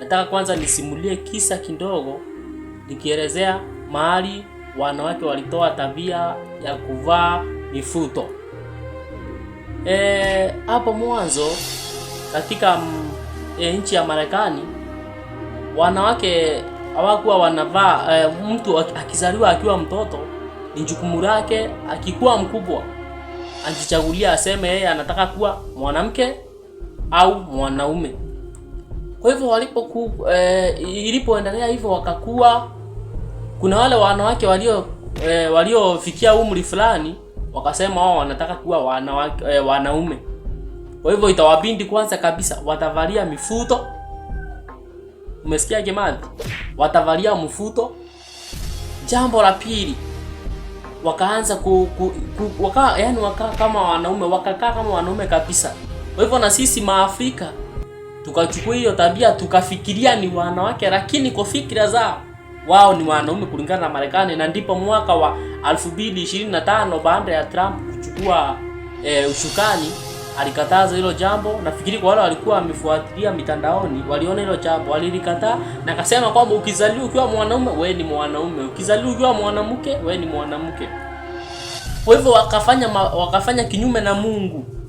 Nataka kwanza nisimulie kisa kidogo nikielezea mahali wanawake walitoa tabia ya kuvaa mifuto. E, hapo mwanzo katika e, nchi ya Marekani wanawake hawakuwa wanavaa e, mtu akizaliwa akiwa mtoto ni jukumu lake, akikuwa mkubwa ajichagulia aseme yeye anataka kuwa mwanamke au mwanaume. Kwa hivyo walipo walipoku e, ilipoendelea hivyo wakakua, kuna wale wanawake walio eh, waliofikia umri fulani wakasema wao wanataka kuwa wanawake eh, wanaume. Kwa hivyo itawabindi kwanza kabisa watavalia mifuto. Umesikia jamani? Watavalia mfuto. Jambo la pili wakaanza ku, ku, ku waka, yani waka kama wanaume wakakaa kama wanaume kabisa. Kwa hivyo na sisi Maafrika tukachukua hiyo tabia tukafikiria ni wanawake, lakini kwa fikira zao wao ni wanaume kulingana na Marekani. Na ndipo mwaka wa 2025 baada ya Trump kuchukua e, eh, ushukani alikataza hilo jambo. Nafikiri kwa wale walikuwa wamefuatilia mitandaoni, waliona hilo jambo, walilikataa na akasema kwamba ukizaliwa ukiwa mwanaume wewe ni mwanaume, ukizaliwa ukiwa mwanamke wewe ni mwanamke. Kwa hivyo wakafanya wakafanya kinyume na Mungu.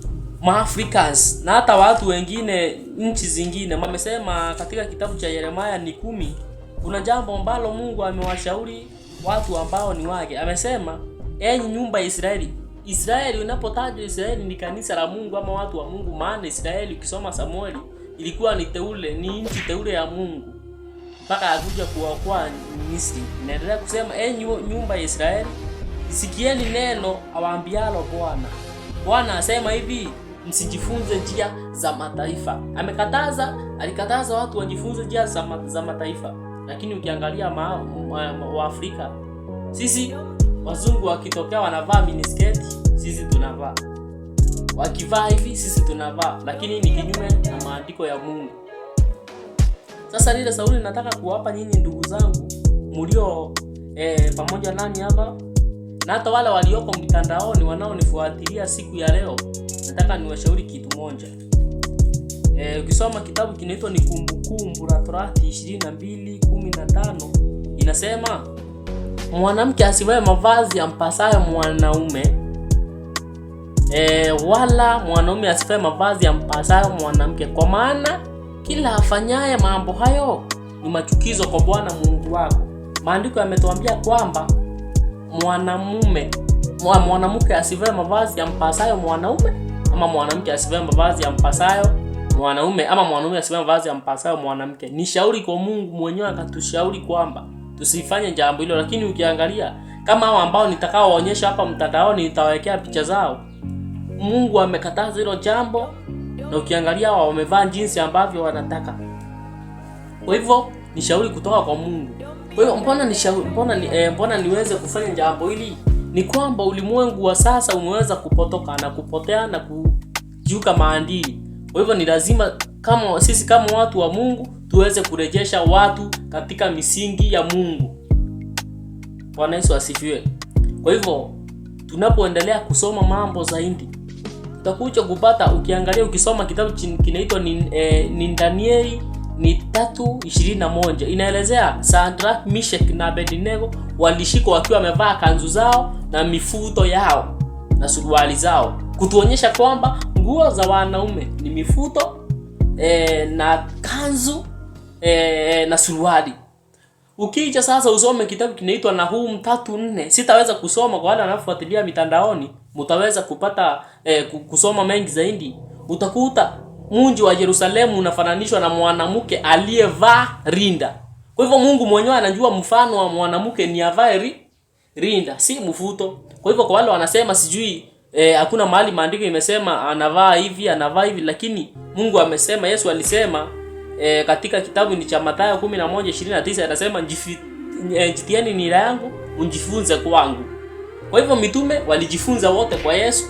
Maafrikas na hata watu wengine nchi zingine wamesema katika kitabu cha Yeremia ni kumi, kuna jambo ambalo Mungu amewashauri watu ambao ni wake. Amesema, enyi nyumba ya Israeli. Israeli, unapotajwa Israeli ni kanisa la Mungu ama watu wa Mungu, maana Israeli ukisoma Samueli ilikuwa ni teule, ni nchi teule ya Mungu mpaka akuja kuwaokoa Misri. Naendelea kusema, enyi nyumba ya Israeli, sikieni neno awaambialo Bwana. Bwana asema hivi msijifunze njia za mataifa. Amekataza, alikataza watu wajifunze njia za mataifa, lakini ukiangalia Waafrika sisi wazungu wakitokea wanavaa minisketi, sisi tunavaa wakivaa hivi, sisi tunavaa, lakini ni kinyume na maandiko ya Mungu. Sasa lile Sauli nataka kuwapa nyinyi ndugu zangu mulio eh, pamoja nani hapa na hata wale walioko mtandaoni wanaonifuatilia siku ya leo, nataka niwashauri kitu moja. E, ukisoma kitabu kinaitwa ni Kumbukumbu la Torati 22:15 inasema, mwanamke asivae mavazi ampasayo mwanaume e, wala mwanaume asivae mavazi ampasayo mwanamke, kwa maana kila afanyaye mambo hayo ni machukizo kwa Bwana Mungu wako. Maandiko yametuambia kwamba mwanamume mwanamke asivae mavazi ampasayo mwanaume kama mwanamke asivae mavazi ya mpasayo mwanaume ama mwanaume asivae mavazi ya mpasayo mwanamke. Ni shauri kwa Mungu mwenyewe akatushauri kwamba tusifanye jambo hilo, lakini ukiangalia kama hao ambao nitakaowaonyesha hapa mtandaoni, nitawawekea picha zao. Mungu amekataza hilo jambo, na ukiangalia hao wamevaa jinsi ambavyo wanataka. Kwa hivyo ni shauri kutoka kwa Mungu. Kwa hiyo mbona ni shauri, mbona ni, eh, mbona niweze kufanya jambo hili? ni kwamba ulimwengu wa sasa umeweza kupotoka na kupotea na kujuka maandili Kwa hivyo ni lazima kama sisi kama watu wa Mungu tuweze kurejesha watu katika misingi ya Mungu. Bwana Yesu asifiwe. Kwa hivyo tunapoendelea kusoma mambo zaidi utakuja kupata, ukiangalia ukisoma kitabu kinaitwa ni, eh, ni Danieli ni 3:21 inaelezea Sandra, Mishek na Abednego walishikwa wakiwa wamevaa kanzu zao na mifuto yao na suruali zao, kutuonyesha kwamba nguo za wanaume ni mifuto e, na kanzu e, na suruali. Ukija sasa usome kitabu kinaitwa Nahum 3:4. Sitaweza kusoma kwa wale wanaofuatilia mitandaoni, mtaweza kupata e, kusoma mengi zaidi, utakuta mji wa Yerusalemu unafananishwa na mwanamke aliyevaa rinda. Kwa hivyo Mungu mwenyewe anajua mfano wa mwanamke ni avae rinda, si mfuto. Kwa hivyo kwa wale wanasema sijui eh, hakuna e, mahali maandiko imesema anavaa hivi, anavaa hivi, lakini Mungu amesema, Yesu alisema eh, katika kitabu ni cha Mathayo 11:29 anasema eh, jitieni nira yangu unjifunze kwangu. Kwa hivyo mitume walijifunza wote kwa Yesu,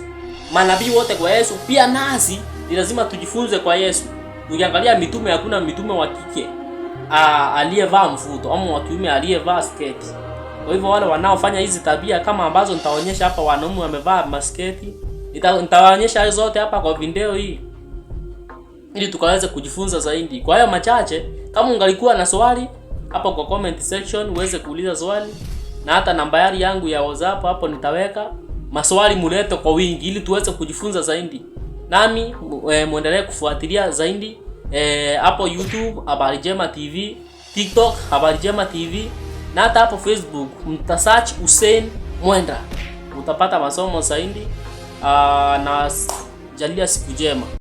manabii wote kwa Yesu, pia nasi ni lazima tujifunze kwa Yesu. Ukiangalia mitume, hakuna mitume wa kike aliyevaa mvuto ama wa kiume aliyevaa sketi. Kwa hivyo wale wanaofanya hizi tabia kama ambazo nitaonyesha hapa, wanaume wamevaa masketi, nitawaonyesha zote hapa kwa video hii ili tukaweze kujifunza zaidi. Kwa hayo machache, kama ungalikuwa na swali hapo kwa comment section uweze kuuliza swali, na hata nambari yangu ya WhatsApp hapo nitaweka. Maswali mulete kwa wingi ili tuweze kujifunza zaidi nami e, eh, mwendelee kufuatilia zaidi eh, hapo e, YouTube Habari jema TV, TikTok Habari jema TV na hata hapo Facebook mtasearch Hussein Mwenda utapata masomo zaidi. Ah, na jalia siku jema